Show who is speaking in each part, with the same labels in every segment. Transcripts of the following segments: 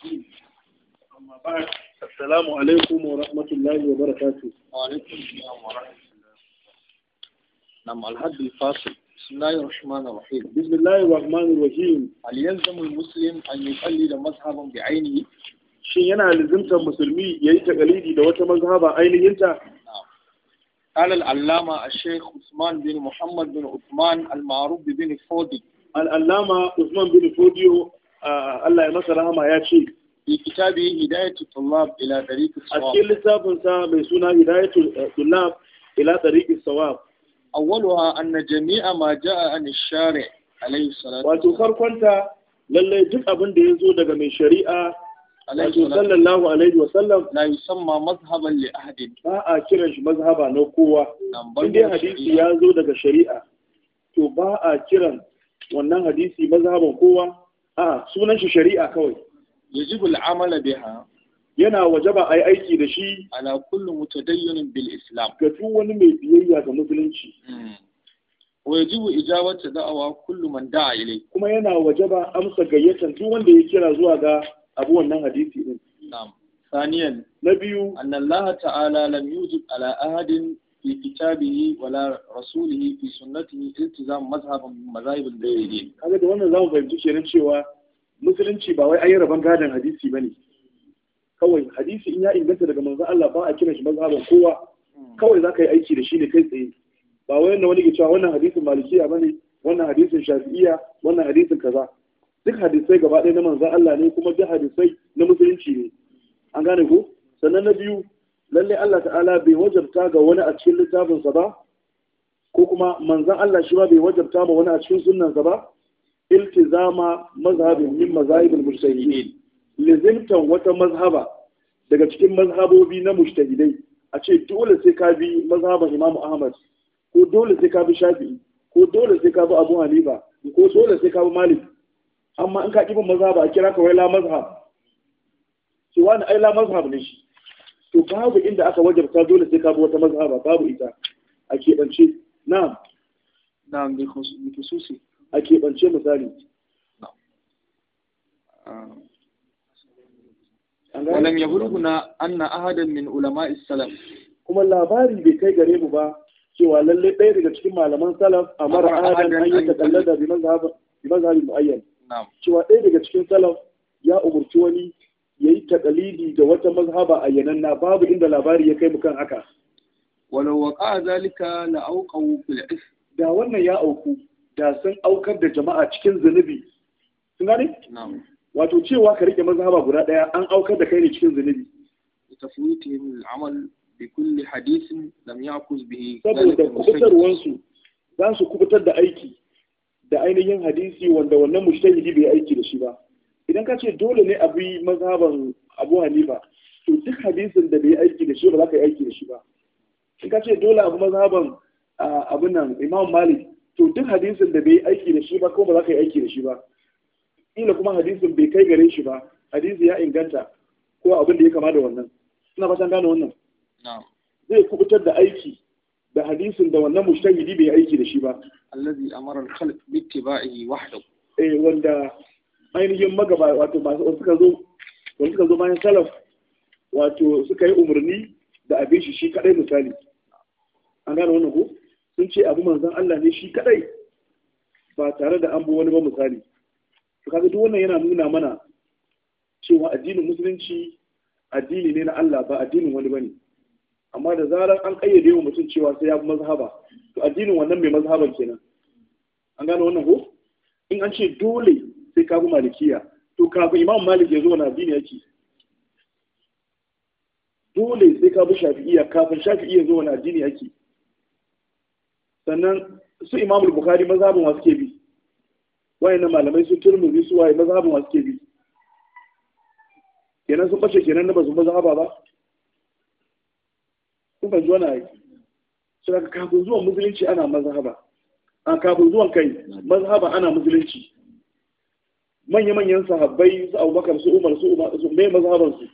Speaker 1: الدين أما بعد السلام عليكم ورحمة الله وبركاته وعليكم السلام ورحمة الله نعم الحد الفاصل بسم الله الرحمن الرحيم بسم الله الرحمن الرحيم هل يلزم المسلم أن يقلد مذهبا بعينه shin yana lizimtar musulmi ya yi takalidi da wata mazhaba ainihinta? قال العلامة الشيخ عثمان بن محمد بن عثمان المعروف بن فودي العلامة عثمان بن فوديو Allah ya masa rahama ya ce fi kitabi hidayatul tullab ila tariqis sawab a cikin littafin sa mai suna hidayatul tullab ila tariqis sawab awwaluha anna jami'a ma ja'a an shari' alayhi salatu wato farkonta lalle duk abin da yazo daga mai shari'a wato sallallahu alaihi wa sallam la yusamma mazhaban li ahadin ba a kiran shi mazhaba na kowa inda hadisi ya zo daga shari'a to ba a kiran wannan hadisi mazhaban kowa a sunan shi shari'a kawai yajibu al'amala biha yana wajaba ai aiki da shi ala kullu mutadayyinin bil islam ga duk wani mai biyayya ga musulunci hmm. wa yajibu ijabatu da'awa kullu man da'a ilai kuma yana wajaba amsa gayyatan duk wanda ya kira zuwa ga abu wannan hadisi din na'am ثانيا نبي أن ta'ala تعالى لم يوجب على في كتابه ولا رسوله في سنته التزام مذهب من مذاهب الدين kaga da wannan zamu fahimci kenan cewa musulunci ba wai ayi rabon gadon hadisi bane kawai hadisi in ya inganta daga manzon Allah ba a kira shi mazhaban kowa kawai zaka yi aiki da shi ne kai tsaye ba wai wanda wani ke cewa wannan hadisin malikiya bane wannan hadisin shafi'iya wannan hadisin kaza duk hadisai gaba ɗaya na manzon Allah ne kuma duk hadisai na musulunci ne an gane ko sannan na biyu lalle Allah ta'ala bai wajabta ga wani a cikin littafinsa ba ko kuma manzan Allah shi ba bai wajabta ba wani a cikin sunnansa ba iltizama mazhabin min mazahibul mujtahidin lazimtan wata mazhaba daga cikin mazhabobi na mujtahidai a ce dole sai ka bi mazhaban Imam Ahmad ko dole sai ka bi Shafi'i ko dole sai ka bi Abu Hanifa ko dole sai ka bi Malik amma in ka kibin mazhaba a kira ka wai la mazhab shi wani ai la mazhab ne shi to babu inda aka wajabta dole sai ka bi wata mazhaba babu ita a keɓance na'am na'am bi khususi a keɓance misali ولم يبلغنا أن أحدا من علماء السلف kuma labari bai kai gare mu ba cewa lalle ɗaya daga cikin malaman salaf a mara ahadan an yi takallada bi mazhabin mu'ayyan cewa ɗaya daga cikin salaf ya umurci wani ya yi taƙalidi da wata mazhaba a yananna babu inda labari ya kai mu kan haka waƙa a zalika na auka fil da wannan ya auku da sun aukar da jama'a cikin zunubi sun gane wato cewa ka riƙe mazhaba guda ɗaya, an aukar da kai ne cikin zunubi tafwitihim al-amal bi kulli hadithin lam ya'kuz bihi saboda kubutarwan wansu, za su kubutar da aiki da ainihin hadisi wanda wannan mujtahidi bai aiki da shi ba idan ka ce dole ne abu yi mazhaban abu hanifa to duk hadisin da bai aiki da shi ba za ka yi aiki da shi ba in ka ce dole abu mazhaban abu nan imam malik to duk hadisin da bai aiki da shi ba kuma ba za ka yi aiki da shi ba ila kuma hadisin bai kai gare shi ba hadisi ya inganta ko abin da ya kama da wannan suna fatan gane wannan zai kubutar da aiki da hadisin da wannan mushtahidi bai aiki da shi ba allazi amara al-khalq bi ittiba'ihi wahdahu eh wanda ainihin magaba wato masu suka zo wanda suka zo bayan salaf wato suka yi umarni da abin shi shi kadai misali an gane wannan ko sun ce abu manzon Allah ne shi kadai ba tare da an bi wani ba misali to kaga duk wannan yana nuna mana cewa addinin musulunci addini ne na Allah ba addinin wani bane amma da zarar an kayyade wa mutum cewa sai ya bi mazhaba to addinin wannan mai mazhaban kenan an gane wannan ko in an ce dole sai kafin malikiya to kafin imam malik ya zo na addini yake dole sai ka bi shafi'iya kafin shafi'iya zo na addini yake sannan su imam bukhari mazhabin wasu ke bi wayannan malamai su turmuzi su waye mazhabin wasu ke bi kenan sun bace kenan na bazu mazhaba ba kun fahimci na aiki sai kafin zuwan musulunci ana mazhaba a ah, kafin zuwan kai mazhaba ana musulunci manya-manyan sahabbai su abubakar su umar su umar su mai mazhabansu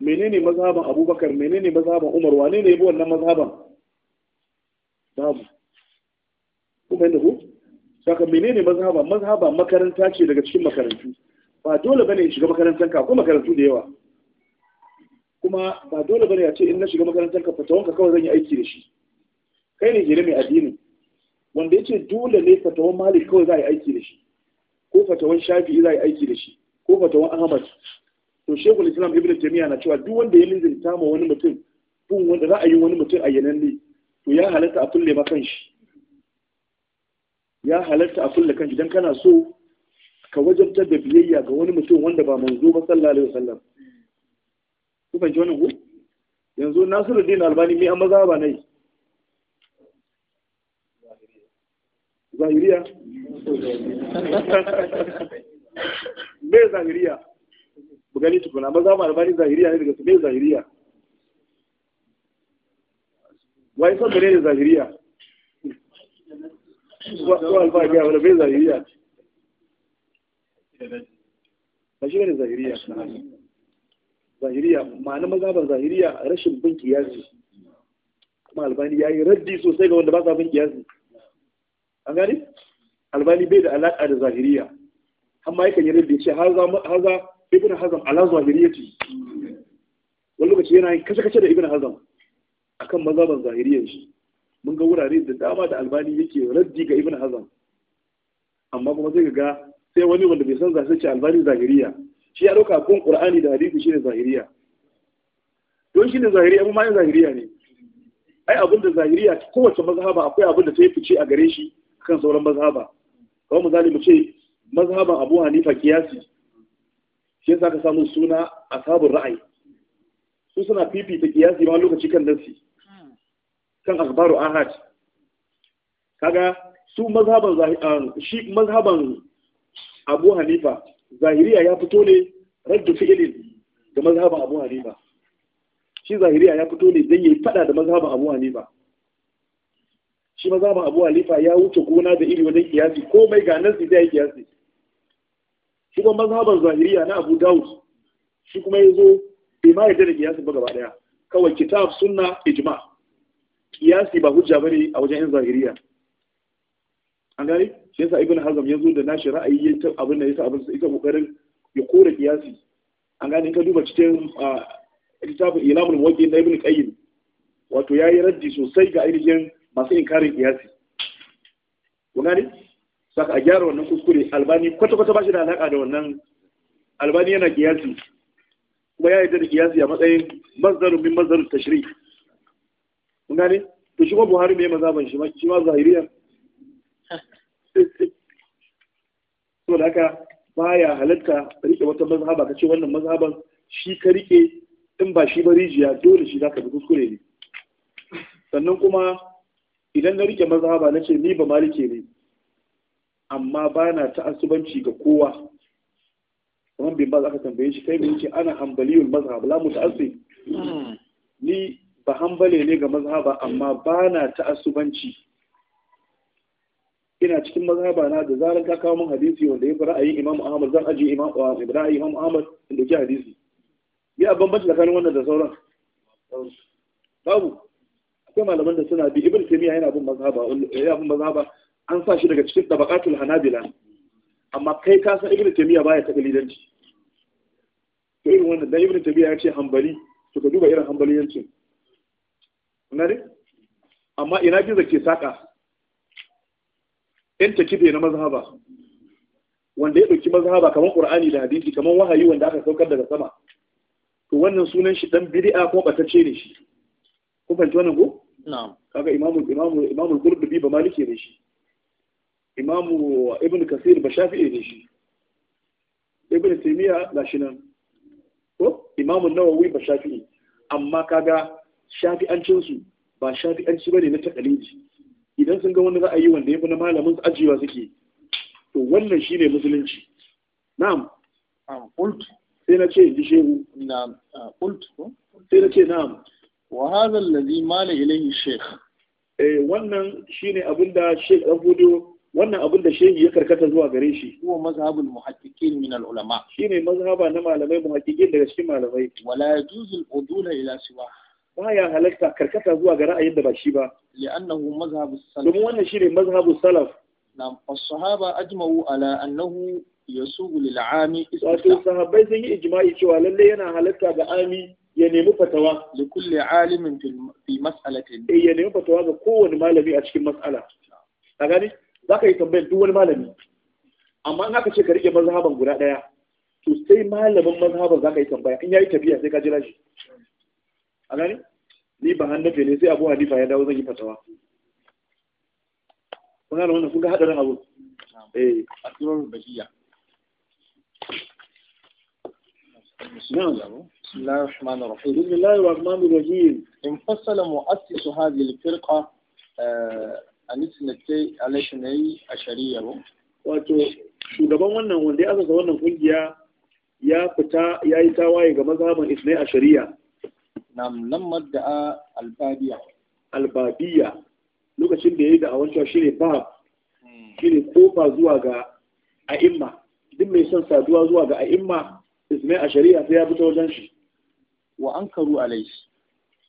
Speaker 1: menene mazhaban abubakar menene mazhaban umar wane ne yabo wannan mazhaban babu kuma yadda ku saka menene mazhaban mazhaba makaranta ce daga cikin makarantu ba dole bane in shiga makarantar ka akwai makarantu da yawa kuma ba dole bane a ce in na shiga makarantar ka fatawan ka kawai zan yi aiki da shi kai ne jere mai addinin? wanda yace dole ne fatawan malik kawai za a yi aiki da shi ko fatawan shafi'i za a yi aiki da shi ko fatawan ahmad to shekul islam ibn taymiya na cewa duk wanda ya lizinta ma wani mutum bin wanda ra'ayin wani mutum a ne, to ya halatta a kulle ma kanshi ya halatta a kulle kanshi dan kana so ka wajabtar da biyayya ga wani mutum wanda ba manzo ba sallallahu alaihi wasallam ku fahimci wannan ku? yanzu nasiruddin albani mai amma ba nai zahiriya me zahiriya mu gani tukuna maza ma albani zahiriya ne daga su me zahiriya wai san ne zahiriya ko albani ya wani me zahiriya ba shi ne zahiriya zahiriya ma'ana maza ban zahiriya rashin bin kiyasi kuma albani ya yi raddi sosai ga wanda ba sa bin kiyasi an gane albani bai da alaƙa da zahiriya amma yakan yi rabbi ce haza ibn hazam ala zahiriyati wani lokaci yana yin kashe-kashe da ibn hazam akan mazhaban zahiriyar shi mun ga wurare da dama da albani yake raddi ga ibn hazam amma kuma zai ga sai wani wanda bai san zai ce albani zahiriya shi ya dauka kun qur'ani da hadisi shine zahiriya don shine zahiriya amma ma zahiriya ne ai abin da zahiriya kowace mazhaba akwai abin da ta yi fice a gare shi kan sauran mazhaba kawai misali mu ce mazhaban abu hanifa kiyasi shi yasa ka samu suna sabon ra'ayi su suna fifita kiyasi ma lokaci kan nasi kan akhbaru ahad kaga su mazhaban ah, shi mazhaban abu hanifa zahiriya ya fito ne raddu fi'ilin da mazhaban abu hanifa shi zahiriya ya fito ne dan yayi fada da mazhaban abu hanifa shi maza ma abu alifa ya wuce gona da iri wajen kiyasi komai ga nan zai yi kiyasi shi kuma mazhaban zahiriya na abu dawud shi kuma ya zo bai ma yarda da kiyasi ba gaba daya kawai kitab sunna ijma kiyasi ba hujja bane a wajen yan zahiriya an gani shi yasa ibn hazm ya zo da nashi ra'ayi ya ta abin da yasa abin sa kokarin ya kore kiyasi an gani ka duba cikin littafin ilamul muwaqqi na ibn qayyim wato yayi raddi sosai ga ainihin masu inkarin kiyasi kun ne saka a gyara wannan kuskure albani kwata kwata ba shi da alaƙa da wannan albani yana kiyasi kuma ya yi da kiyasi a matsayin mazarin min mazarin tashiri. kun ne to shi ma buhari mai mazaban shi ma shi ma zahiriya so da haka baya halatta rike wata mazhaba ka ce wannan mazhaban shi ka rike in ba shi ba rijiya dole shi zaka bi kuskure ne sannan kuma idan na rike mazhaba na ce ni ba malike ne amma ba na ta'assubanci ga kowa kamar bin ba za ka tambaye shi kai mai ce ana hambaliyun mazhab la muta'assib ni ba hambale ne ga mazhaba amma ba na ta'assubanci ina cikin mazhaba na da zarar ka kawo min hadisi wanda ya fi ra'ayin Imam Ahmad zan aje Imam Ibrahim Imam Ahmad in dauki hadisi ya bambanci tsakanin wannan da sauran babu akwai malaman da suna bi ibn taymiya yana bin mazhaba yana bin mazhaba an sa shi daga cikin tabaqatul hanabila amma kai ka san ibn taymiya baya ta kalidanci to irin wannan dan ibn taymiya ya ce hanbali to ka duba irin hanbaliyancin kuna ne amma ina gizo ke saka yan takibe na mazhaba wanda ya ɗauki mazhaba kamar qur'ani da hadisi kamar wahayi wanda aka saukar daga sama to wannan sunan shi dan bid'a ko batacce ne shi kun fahimci wannan ko kaga imamu imamu imamu qurtubi ba maliki ne shi imamu ibn kasir ba shafi'i ne shi ibn taymiya gashi nan ko imamu nawawi ba shafi'i amma kaga shafi'ancin su ba shafi'anci bane na takalidi idan sun ga wani ra'ayi wanda ya fi na malamin su ajiyewa suke to wannan shine musulunci na'am am qult sai na ce ji shehu na'am ah, qult sai na ce na'am wa hadha alladhi mala ilayhi shaykh eh wannan shine abinda shaykh dan fudiyo wannan abin da shehi ya karkata zuwa gare shi Kuma mazhabul muhaqqiqin min al ulama shine mazhaba na malamai muhaqqiqin daga cikin malamai wala yajuzu al udul ila siwa ya halatta karkata zuwa ga ra'ayin da ba shi ba annahu mazhabus salaf domin wannan shine mazhabus salaf nam as-sahaba ajma'u ala annahu yasugu lil ami wato sahabai sun yi ijma'i cewa lalle yana halatta ga ami ya nemi fatawa da kulle alimin fi mas'alatin eh ya nemi fatawa ga kowane malami a cikin mas'ala A gani za ka yi tambayar duk wani malami amma in aka ce ka rike mazhaban guda daya to sai malamin mazhaban ka yi tambaya in ya yi tafiya sai ka jira shi a gani ni ba hannafe ne sai Abu Hanifa ya dawo zan yi fatawa Kuna da wannan kun ga hadarin abu eh asirul bahiyya نعم بسم الله الرحمن الرحيم بسم الله الرحمن الرحيم انفصل مؤسس هذه الفرقة shugaban wannan wanda ya asasa wannan kungiya ya fita ya yi tawaye ga mazhaban isnai a shari'a nam lammar da a albabiya lokacin da ya yi da awon cewa shine bab shine kofa zuwa ga duk mai saduwa zuwa ga ismai a shari'a sai ya fita wajen shi wa ankaru alai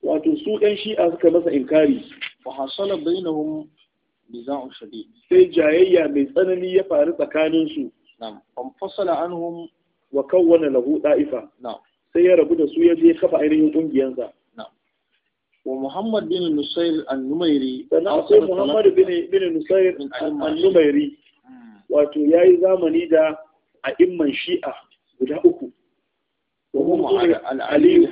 Speaker 1: wato su ɗan shi'a suka masa inkari wa hasala bainahum niza'un shadid sai jayayya mai tsanani ya faru tsakanin su na'am fasala anhum wa kawwana lahu da'ifa na'am sai ya rabu da su ya je kafa ainihin kungiyansa ومحمد بن نصير النميري سنعطي محمد بن بن نصير النميري wato ya yi zamani da a'imman shi'a guda uku aliyu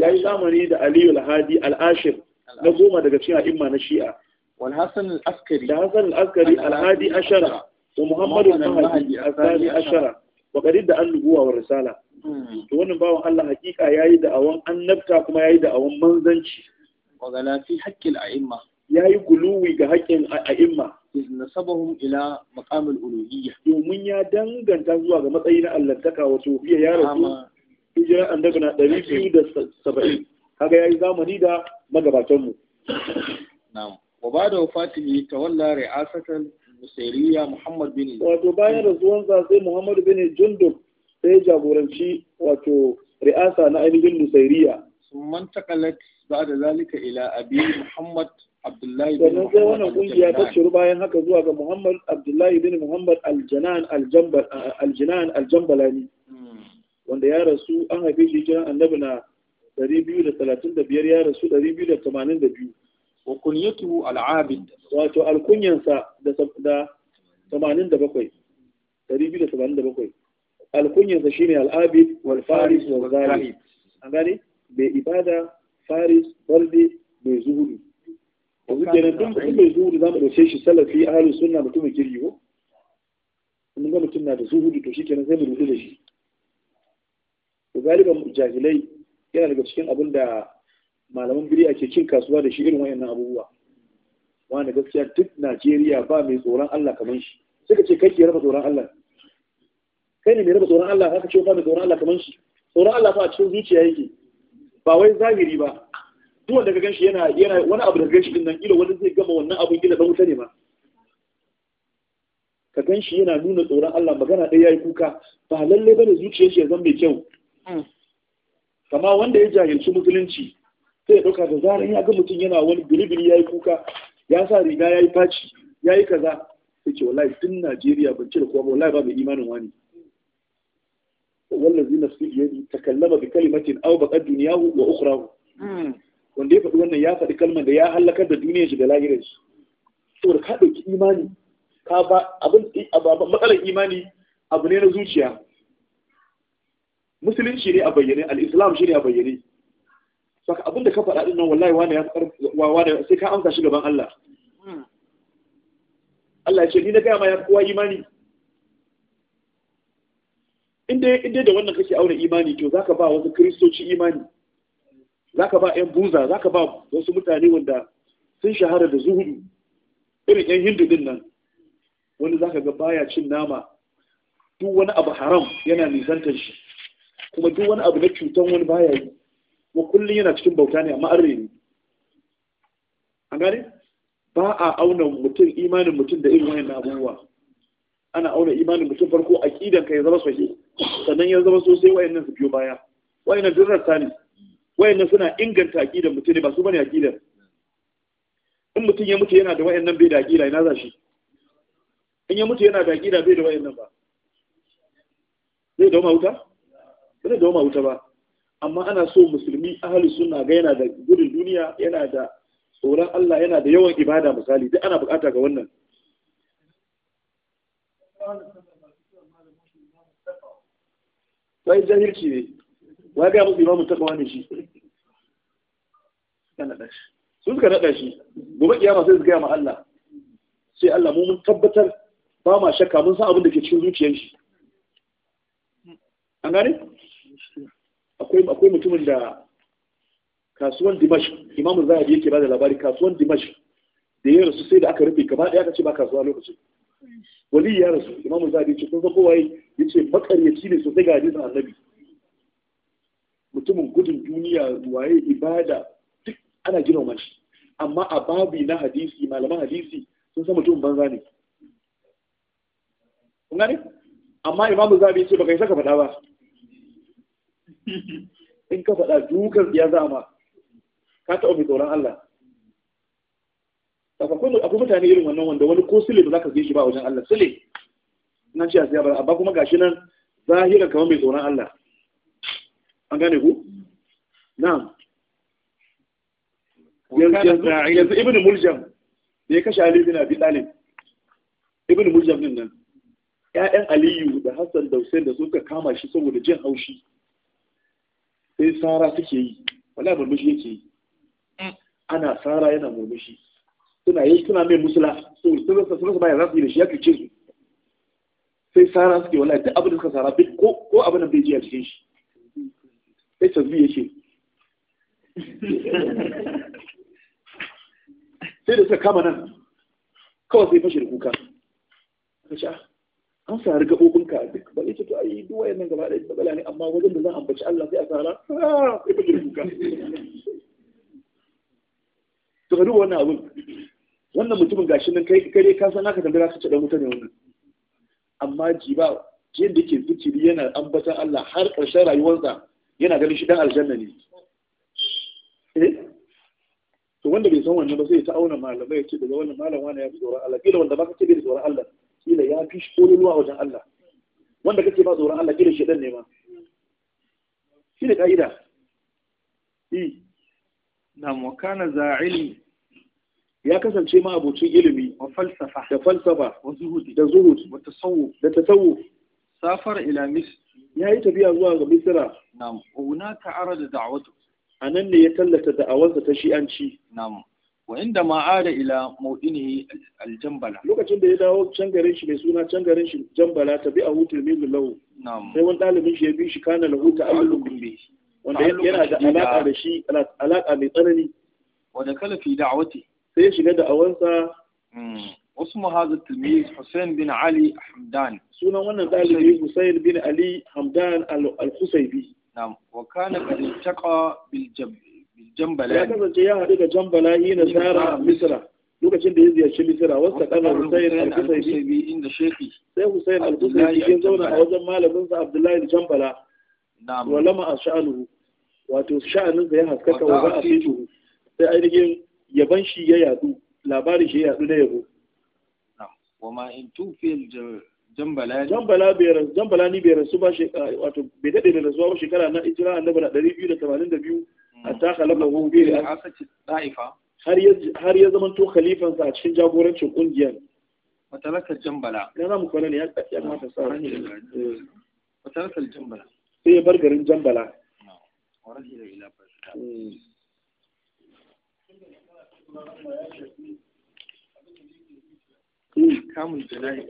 Speaker 1: ya yi zamani da aliyu hadi al'ashir na goma daga cikin a'imma na shi'a da Hassan al-askari al ashara wa muhammadu al-mahdi al ashara wa qarid da annubuwa wa risala hmm. to wannan bawan Allah hakika ya yi da awan annabta kuma ya yi da awon manzanci wa galafi haqqil a'imma ya yi guluwi ga haƙƙin a'imma nasabahum ila maqamil uluhiyya domin ya danganta zuwa ga matsayi na allantaka wato sufiya ya rasu hijira an daga na 270 kaga yayi zamani da magabatan mu na'am wa ba'da wafatihi tawalla ri'asatan musairiya muhammad bin wato bayan rasuwan sa sai muhammad bin jundub sai jagoranci wato ri'asa na ainihin musairiya sun mantakalat ba'da zalika ila abi muhammad Abdullahi bin Muhammad. Sannan wannan kungiya ta ciru bayan haka zuwa ga Muhammad Abdullahi bin Muhammad Aljanan Aljambalani. Hmm. Wanda ya rasu an haife shi jiran annabi na 235 ya rasu 282. Wa kunyatu al-abid. Wato alkunyansa da 87. 287. Alkunyansa shine al-abid wal faris wal ghalib. An gane? Bai ibada faris balde mai zuhudu. yanzu kenan tun mutum mai zuhudu za mu ɗauke shi salafi ahalin sunna mai kirki ko mun ga mutum na da zuhudu to shi kenan sai mu rudu da shi to galiban jahilai yana daga cikin abin da malaman biri ake cin kasuwa da shi irin wayannan abubuwa wani gaskiya duk Najeriya ba mai tsoron Allah kamar shi suka ce kai ke raba tsoron Allah kai ne mai raba tsoron Allah haka ce ba mai tsoron Allah kamar shi tsoron Allah fa a cikin zuciya yake ba wai zahiri ba duk wanda ka ganshi yana yana wani abu da ganshi din nan kila wani zai gama wannan abin kila dan wuta ne ma ka ganshi yana nuna tsoron Allah magana ɗaya yayi kuka ba lalle bane zuciyar shi ya zama mai kyau mm. kama wanda ya jahilci musulunci sai ya dauka da zaran ya ga mutum yana wani ya yi kuka ya sa riga yayi faci yayi kaza sai ce wallahi tun Najeriya ban cire kowa wallahi ba mai imanin wani wallazi nafsi yadi takallama bi kalimatin aw baqad dunyahu wa ukhrahu mm. wanda ya faɗi wannan ya faɗi kalmar da ya halakar da duniya shi da lahirar shi saboda ka ɗauki imani ka ba abin matsalar imani abu ne na zuciya musulunci ne a bayyane al'islam shi ne a bayyane saka abin da ka faɗa ɗin nan wallahi wani ya wawa da sai ka amsa shi gaban Allah hmm. Allah ya ce ni na gaya ma ya kowa imani inda da wannan kake auna imani to zaka ba wasu Kiristoci imani zaka ba yan buza zaka ba wasu mutane wanda sun shahara da zuhudu irin yan hindu din nan wani zaka ga baya cin nama duk wani abu haram yana nisantar shi kuma duk wani abu na cutan wani baya yi kuma kullum yana cikin bauta ne amma arre ne an gane ba a auna mutum imanin mutum da irin wayan abubuwa ana auna imanin mutum farko aqidan ka ya zama sahihi sannan ya zama sosai wayannan su biyo baya wayannan duk rasta ne wayannan suna inganta aqidar mutum ne ba su bane aqidar in mutum ya mutu yana da wayannan bai da aqida ina za shi in ya mutu yana da aqida bai da wayannan ba zai dauma wuta ba zai dauma wuta ba amma ana so musulmi ahli sunna ga yana da gudun duniya yana da tsoron Allah yana da yawan ibada misali duk ana bukata ga wannan sai jahilci ne wa ga musu imamu takawa ne shi sun suka naɗa shi gobe kiyama sai su gaya ma Allah sai Allah mu mun tabbatar ba ma shakka mun san abin da ke cikin zuciyar shi an gane akwai akwai mutumin da kasuwan Dimash a Zahabi yake ba da labari kasuwan Dimash da ya rasu sai da aka rufe gaba ɗaya aka ce ba kasuwa lokaci. wali ya rasu Imam Zahabi ce kun san kowaye yace makaryaci ne sosai ga hadisin Annabi mutumin gudun duniya waye ibada duk ana girmama shi amma a babi na hadisi malaman hadisi sun san mutumin banza ne kun gane amma imamu zabi ce baka yi saka faɗa ba in ka faɗa dukar ya zama ka taɓa mai tsoron Allah akwai akwai mutane irin wannan wanda wani ko sile ba za ka shi ba wajen Allah sile nan ce a siya ba amma kuma gashi nan zahira kamar mai tsoron Allah an gane ku na'am yanzu ibn muljam da ya kashe Aliyu na abi talib ibn muljam din nan ya'yan aliyu da hassan da hussein da suka kama shi saboda jin haushi sai sara suke yi wala murmushi yake yi mm. ana sara yana murmushi suna yi suna mai musula saboda sun rasa bayan za su yi da shi ya kace su sai sara suke wala duk abin da suka sara ko abin da bai ji a cikin shi sai sai da suka kama nan kawai sai fashe da kuka ka ce ah, an sa riga ka duk ba ce to duwa duk wayannan gaba da bala ne amma wajen da zan ambaci Allah sai a tsara sai fashe da kuka to duk wannan abun wannan mutumin gashi nan kai kare ka san naka tambaya ka ce dan mutane wannan amma jiba jiyan da ke fitiri yana ambatan Allah har ƙarshen rayuwarsa yana ganin shi dan aljanna ne eh to wanda bai san wannan ba sai ta auna malamai ce daga wannan malam wani ya fi tsoron Allah kila wanda ba kake bai tsoron Allah kila ya fi shi a wajen Allah wanda kake ba tsoron Allah kila shedan ne ma shi ne ka'ida eh na mukana kana za'ili ya kasance ma abocin ilimi wa falsafa da falsafa wa zuhudi da zuhudi wa tasawuf da tasawuf safar ila misr ya yi tafiya zuwa ga misira na'am huna ka arada da'awatu a nan ne ya tallata da'awarsa ta shi'anci nam wa inda ma'ada ila maudini aljambala lokacin da ya dawo can garin shi mai suna can garin shi jambala tabi a hutul milu lahu sai wani ɗalibin shi ya bi shi kana lahu ta'alluqun bi wanda yana da alaka da shi alaka mai tsanani wanda kala fi da'awati sai ya shiga da'awansa hmm. واسم هذا التلميذ حسين بن علي حمدان سنة وانا ذلك حسين بن علي حمدان الخصيبي نعم وكان قد التقى بالجنبلاني يا كذا جاء هذا جنبلاني نزار مصر lokacin da ya ziyarci Misira wasu kana Hussein al-Husaybi sai Hussein al-Husaybi ya zauna a wajen malamin sa Abdullahi Jambala na'am wa lama ash'aluhu wato sha'anin ya haskaka wa ba a sai ainihin yabon shi ya yadu labarin shi ya yadu na yabo wama in tufil jambalani jambala bai jambalani bai rasu ba wato bai dade da rasuwa ba shekara na ijira annabi na 282 hmm. hatta khalafa hu bi asati daifa har ya har ya zama to khalifansa a cikin jagorancin kungiyar matalaka jambala na za mu kwana ne ya ya mata sa matalaka eh. jambala sai ya bar garin jambala ورجل إلى kamun jana'i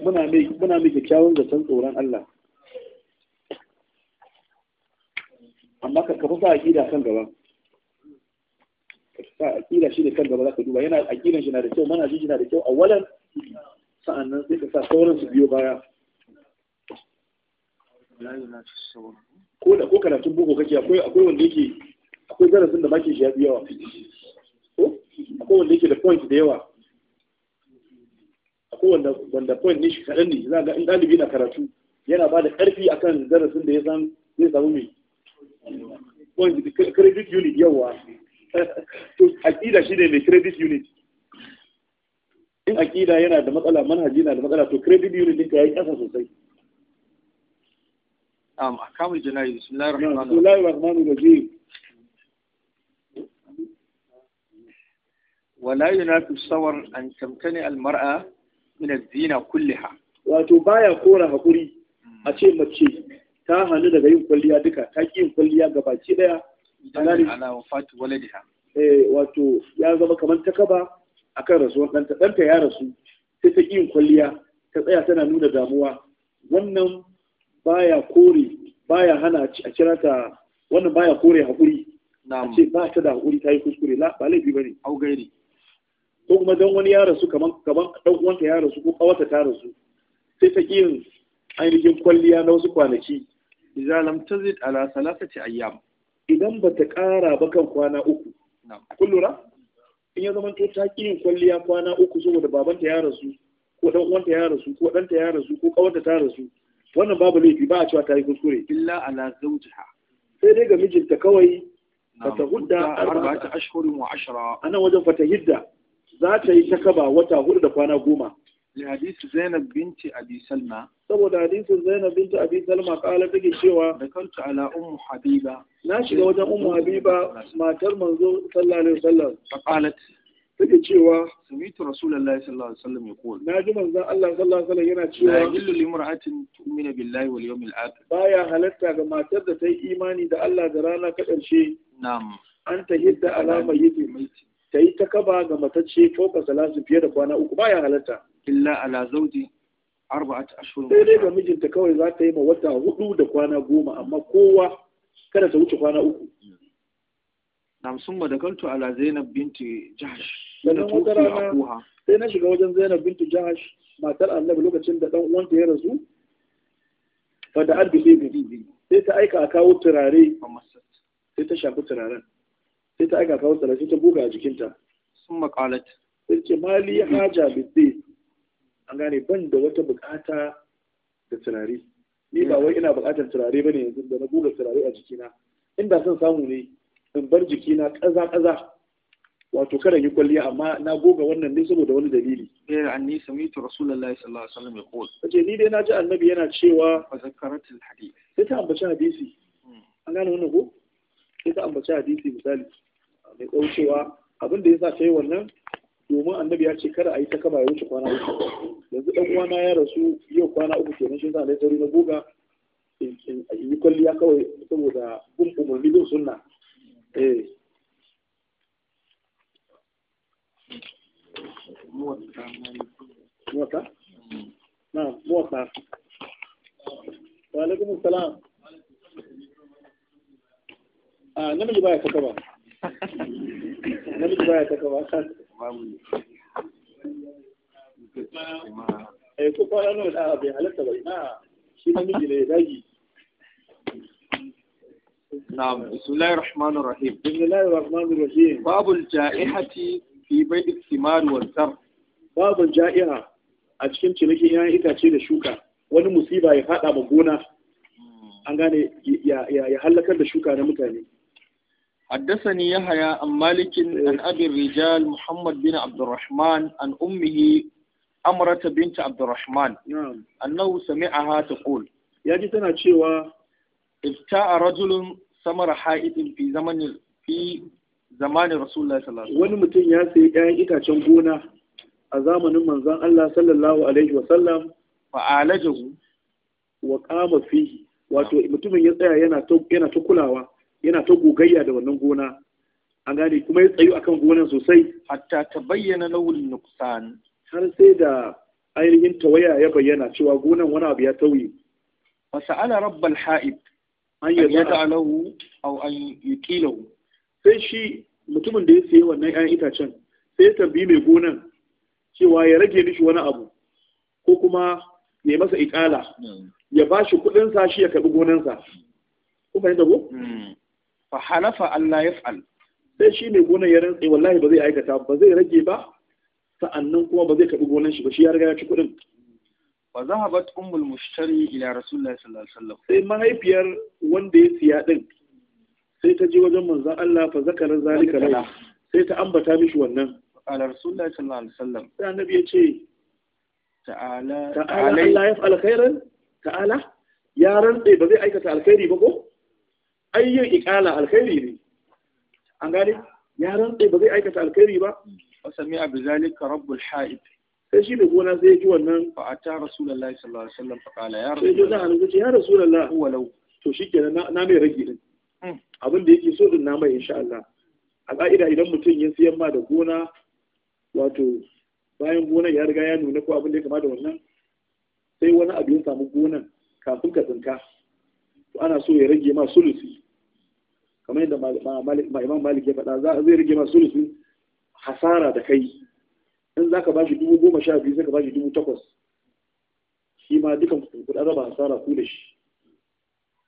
Speaker 1: muna mai muna mai kyakkyawan zaton tsoron Allah amma ka kafa sa aqida kan gaba ka aqida shi ne kan gaba zaka duba yana aqidan shi na da kyau manhajin shi na da kyau awalan sa'annan sai ka sa sauran su biyo baya ko da ko karatun boko kake akwai akwai wanda yake akwai darasin da baki shi ya biyawa ko akwai wanda yake da point da yawa Kowanne wanda point ne shi kaɗan ne za ga in ɗalibi na karatu yana ba da ƙarfi akan darasin da ya san zai samu mai point credit unit yawa to aƙida shi ne mai credit unit in aƙida yana da matsala manhaji yana da matsala to credit unit ɗinka ya yi ƙasa sosai am akamul janayi bismillahir rahmanir rahim ولا ينافي الصور أن تمتنع المرأة min zina kulliha wato baya kora hakuri a ce mace ta hannu daga yin kwalliya duka ta ki yin kwalliya ga baki daya ala wafatu waladiha eh wato ya zama kamar ta kaba akan rasuwar ɗanta ɗanta ya rasu sai ta ki yin kwalliya ta tsaya tana nuna damuwa wannan baya kore baya hana a kira ta wannan baya kore hakuri a ce ba ta da hakuri ta yi kuskure la ba laifi bane au gairi ko kuma don wani ya rasu kaman kaman dan uwanka ya rasu ko kawata ta rasu sai ta yin ainihin kwalliya na wasu kwanaki idan lam tazid ala salasati ayyam idan ba ta ƙara ba kan kwana uku na kullura in ya zama to ta yin kwalliya kwana uku saboda babanta ya rasu ko dan uwanta ya rasu ko danta ya rasu ko kawata ta rasu wannan babu laifi ba a cewa ta yi kuskure illa ala zawjiha sai dai ga mijinta kawai fatahudda arba'ata ashhurin wa ashra ana wajen hidda. za ta yi takaba wata hudu da kwana goma لحديث زينب بنت أبي سلمى saboda hadisin Zainab binta Abi Salma kala take cewa da kanta ala ummu Habiba na shiga wajen ummu Habiba matar manzo sallallahu alaihi wasallam qalat take cewa samitu rasulullahi sallallahu alaihi wasallam yaqul na ji manzon Allah sallallahu alaihi wasallam yana cewa la yahillu limra'atin tu'minu billahi wal yawmil akhir baya halarta ga matar da ta yi imani da Allah da rana ta karshe na'am an tahidda ta yi ta kaba ga matacce fauka salasin fiye da kwana uku baya halatta illa ala zauji arba'at ashurun. sai dai ga mijinta kawai za ta yi ma wata hudu da kwana goma amma kowa kada ta wuce kwana uku nam musamman da kaltu ala zainab binti jahsh sannan wata rana sai na shiga wajen zainab binti Jahash matar annabi lokacin da dan uwanta ya rasu fa da albi sai ta aika a kawo turare sai ta shafi turaren sai ta aika kawo tsara sai ta buga a jikinta sun makalat sai ce mali haja bizai an gane ban da wata bukata da turare ni ba wai ina bukatar turare bane yanzu da na buga turare a jikina inda son samu ne in bar jikina kaza kaza wato kada yi kwalliya amma na goga wannan ne saboda wani dalili gaira eh, anni samitu rasulullahi sallallahu alaihi wasallam yaqul kace ni dai na ji annabi yana cewa fa zakaratul hadith sai ta ambaci hadisi hmm. an gane wannan ko sai ta ambaci hadisi misali mai kaucewa abin da sa ta yi wannan domin annabi ya ce kada a yi ta kama ya wuce kwana uku yanzu dan uwana ya rasu yau kwana uku kenan shi yasa na sauri na goga in yi kwalliya kawai saboda bin umarni bin sunna eh موطا نعم موطا وعليكم السلام a namiji baya ba namiji baya ba eh, kan kwana nawa da bai halatta ba na shi namiji ne zagi نعم بسم الله الرحمن الرحيم بسم الله الرحمن الرحيم باب الجائحة في بيع الثمار والزرع باب الجائحة a cikin cinikin ‘ya'yan itace da shuka wani musiba ya faɗa ma gona an gane ya hallakar da shuka na mutane حدثني يحيى عن مالك عن أبي الرجال محمد بن عبد الرحمن عن أمه أمرة بنت عبد الرحمن نعم أنه سمعها تقول يا جتنا تشيوا ابتاع رجل ثمر حائط في زمن في زمان رسول الله صلى الله عليه وسلم wani mutum ya sayi ƴaƴan itacen gona a zamanin manzon Allah sallallahu alaihi wasallam fa alajahu wa qama fihi wato mutumin ya tsaya yana ta yana ta kulawa yana ta gogayya da wannan gona an gane kuma ya tsayu akan gonan sosai hatta ta bayyana lawul nuksan har sai da ainihin tawaya ya bayyana cewa gonan wani abu ya tauye fa sa'ala rabbal ha'ib an alahu aw an yuqilahu sai shi mutumin da ya siya wannan 'ya'yan itacen sai ya tambayi mai gonan cewa ya rage mishi wani abu ko kuma ya masa ikala hmm. ya bashi shi kuɗinsa shi ya karɓi gonansa ko fahimta ko hmm. fa halafa Allah yaf'al sai shi ne gonar ya rantse wallahi ba zai aikata ba zai rage ba sa'annan kuma ba zai karbi gonar shi ba shi ya riga ya ci kuɗin wa zahabat ummul mushtari ila rasulullahi sallallahu alaihi wasallam sai mahaifiyar wanda ya siya din sai ta je wajen manzon Allah fa zakarar zalika lahu sai ta ambata mishi wannan ala rasulullahi sallallahu alaihi wasallam sai annabi ya ce ta'ala ta'ala Allah ya fa'al khairan ta'ala ya rantse ba zai aikata alkhairi ba ko ai yin alkhairi ne an gane ya rantsa ba zai aikata alkhairi ba wa sami'a bi zalika rabbul ha'id sai shi da gona sai ji wannan fa ata rasulullahi sallallahu alaihi wasallam fa qala ya rasulullahi sai ji da ya rasulullahi huwa law to shikenan na mai rage din mm. abin da yake so din na mai insha Allah a ka'ida idan mutum ya siyan ma da gona wato bayan gonan ya riga ya nuna ko abin da ya kama da wannan sai wani abu ya samu gonan kafin ka tsinka to ana so ya rage ma sulusi kamar yadda imam malik ya faɗa za zai rage masu sulusun hasara da kai in za ka ba shi dubu goma sha biyu zai ka ba shi dubu takwas shi ma dukan kuɗa raba hasara ku da shi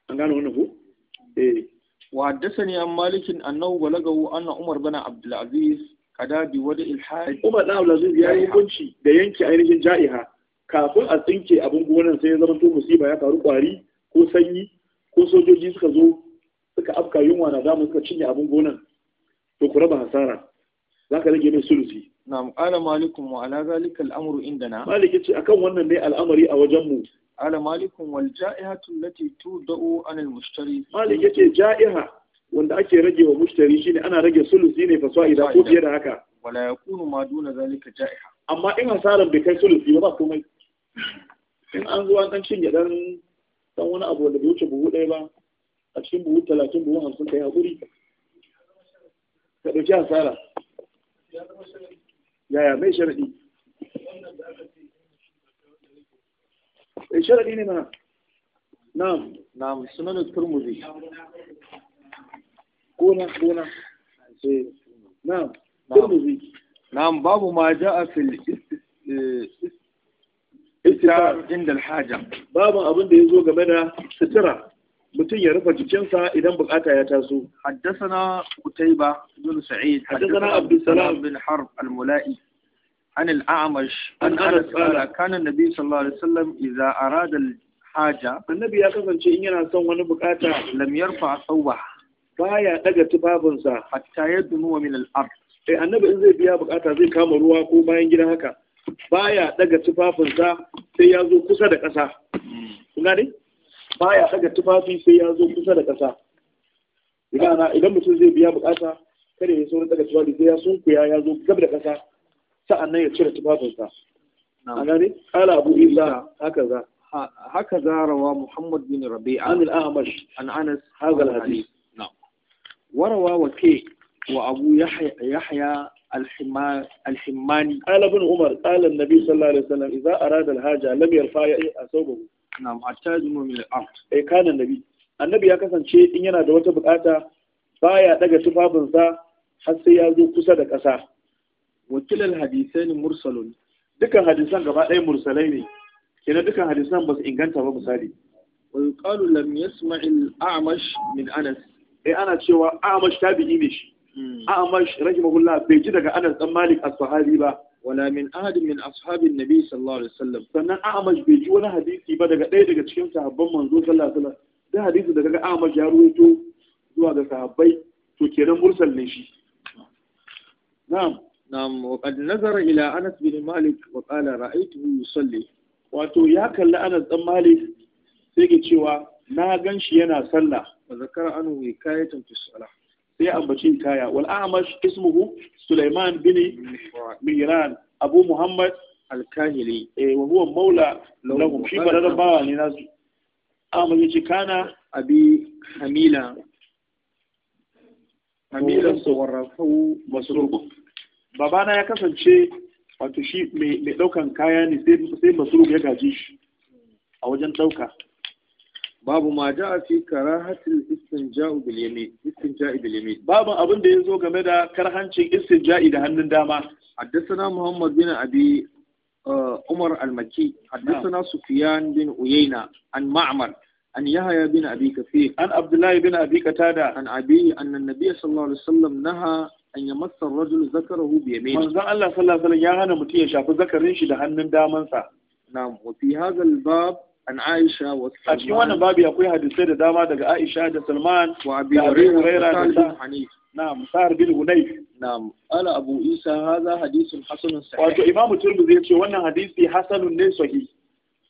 Speaker 1: an gane wannan ku? eh وحدثني an مالك أنه بلغه أن عمر Umar, bana Abdulaziz قضى بوضع الحاج عمر Umar عبد Abdulaziz ya yi hukunci da yanke ainihin ja'iha kafin a tsinke abin gonan sai ya zama to musiba ya faru kwari ko sanyi ko sojoji suka zo suka afka yunwa na damu suka cinye abin gonan to ku raba hasara za ka rage mai sulusi na'am ala malikum wa ala zalika al'amru indana malik ce akan wannan ne al'amari a wajen mu ala malikum wal ja'ihatu allati tudau an al mushtari maliki ce ja'iha wanda ake rage wa mushtari shine ana rage sulusi ne fa sa'ida ko fiye da haka wala yakunu ma duna zalika ja'iha amma in hasaran bai kai sulusi ba ba komai in an zuwa an cinye dan dan wani abu da bai wuce buhu ɗaya ba أشين بقول ثلاثين بقول خمسين كيها بوري كده كيها سارة يا يا ما إيش هذي إيش هذي نعم نعم نعم سنة نذكر مودي كونا كونا إيه. نعم نعم نعم باب ما جاء في ال استعار عند الحاجة بابا أبن ده يزوج منها سترة mutum ya rufe jikinsa idan bukata ya taso haddathana kutaiba bin sa'id haddathana abdussalam bin harb al-mula'i عن الأعمش عن أنس قال كان النبي صلى Iza, عليه وسلم إذا أراد الحاجة النبي يقول إن أنا سوى نبقاتا لم a صوبه baya daga tufafinsa hatta ya dunuwa min al-ard eh annabi in zai biya bukata zai kama ruwa ko bayan gidan haka baya daga tufafinsa sai ya zo kusa da ƙasa hmm. kun gane baya daga tufafi sai ya zo kusa da kasa idan idan mutum zai biya bukata kada ya saurin daga tufafi sai ya sunkuya ya zo gab da ƙasa sa'annan ya cire tufafinsa a gane ala abu isa haka za haka za rawa muhammad bin rabi'a an al-ahmash an anas hadha al-hadith وروى وكي وأبو يحيى يحيى الحماني قال ابن عمر قال النبي صلى الله عليه وسلم إذا أراد الحاجة لم يرفع أثوبه na'am attajinu min al-ard eh kana nabi annabi ya kasance in yana da wata bukata baya daga tufafinsa har sai ya zo kusa da ƙasa wakilal hadisain mursalun dukan hadisan gaba ɗaya mursalai ne kenan dukan hadisan ba su inganta ba misali wa yuqalu lam yasma'i al-a'mash min anas eh ana cewa a'mash tabi'i ne shi hmm. a'mash rahimahullah bai ji daga anas dan malik as-sahabi ba wala min ahadin min ashabin nabi sallallahu alaihi wasallam sannan amash bai ji wani hadisi ba daga ɗaya cikin sahabban manzo sallallahu alaihi da hadisi daga ga amash ya ruwaito zuwa ga sahabbai to kenan mursal ne shi na'am na'am wa qad nazara anas bin malik wa qala ra'aytuhu yusalli wato ya kalli anas dan malik sai ke cewa na gan shi yana sallah wa zakara anhu hikayatan fi sai ambaci kaya wal amash ismuhu sulaiman bin miran abu muhammad al-kahili eh wa huwa maula lahum shi baradan bawa ne nasu amash yace kana abi hamila hamila sawarrafu masruq babana ya kasance wato shi mai daukan kaya ne sai sai masruq ya gaji shi a wajen dauka babu ma ja'a fi karahatil istinja'u bil yamin istinja'i bil babu abin da zo game da karhancin istinja'i da hannun dama haddathana muhammad bin abi uh, umar al-makki haddathana sufyan bin uyayna an ma'mar an yahya bin abi kafir an abdullah bin abi qatada an abi anna an-nabiy sallallahu alaihi wasallam naha an yamassa ar-rajul zakarahu bi yaminihi manzo Allah sallallahu ya hana mutum ya shafi zakarin shi da hannun damansa fi hadha bab an Aisha wa Salman. A cikin wannan babi akwai hadisai da dama daga Aisha da Salman wa Abi Hurairah da Hanif. Na'am, Sa'ar bin Hunayf. Na'am, ala Abu Isa hadha hadithun hasanun sahih. Wato Imam Tirmidhi ya ce wannan hadisi hasanun ne sahih.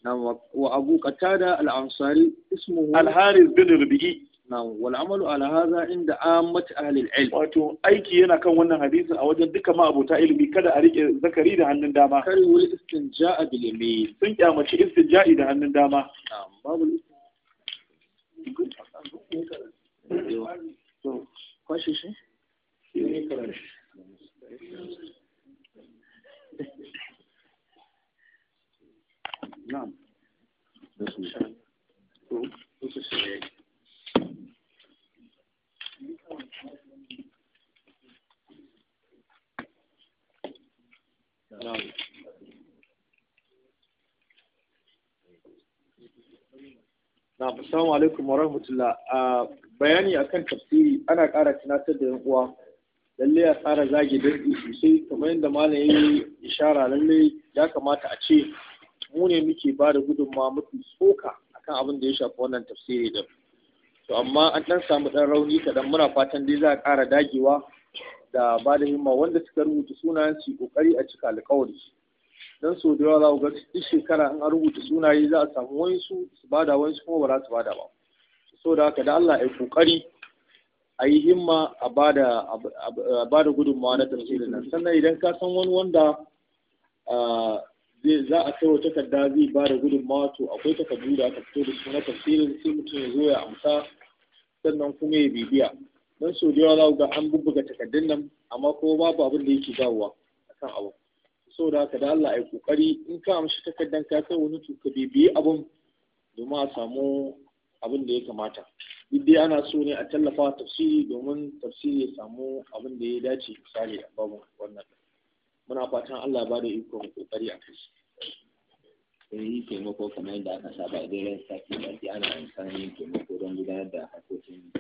Speaker 1: Na'am, wa Abu Qatada al-Ansari ismuhu Al-Haris bin Rubi'i. Na'am wal amalu ala hadha inda ammati ahli al-ilm. Wato aiki yana kan wannan hadisin a wajen duka ma'abota ilimi kada a rike zakari da hannun dama. Kar wul istinja'a bil yamin. Sun kyamaci istinja'i da hannun dama. Na'am babu Kwashi shi? Na'am. Na'am. Na assalamu alaikum wa A ah, bayani akan tafsiri ana ƙara tunatar da 'yan uwa lalle a tsara zage dangi sosai kamar yadda malam ya yi ishara lalle ya kamata a ce mu ne muke ba da gudunmawa mafi tsoka akan abin da ya shafi wannan tafsiri da. to amma an ɗan samu ɗan rauni kaɗan muna fatan dai za a ƙara dagewa da ba da himma wanda suka rubuta sunayen su ƙoƙari a cika alƙawari dan so da yawa za ku ga duk shekara an rubuta sunaye za a samu wani su su bada su kuma ba za su bada ba so da haka da Allah ya ƙoƙari a yi himma a bada a bada gudunmawa na tafsirin nan sannan idan ka san wani wanda ah, za a wata takarda zai ba da gudun to akwai takardu da aka fito da su na tafsirin sai mutum ya zo ya amsa sannan kuma ya bibiya don so da yawa za ga an bubbuga takardun nan amma kuma babu abin da yake dawowa kan abu saboda haka da Allah yi kokari in ka amshi takardan ka kai wani to ka bibiyi abun domin a samu abin da ya kamata duk dai ana so ne a tallafa tafsiri domin tafsiri ya samu abin da ya dace misali a babu wannan muna fatan Allah ba da ikon kokari a kai sai yi taimako kamar yadda aka saba a ran sati sati ana amfani taimako don gudanar da harkokin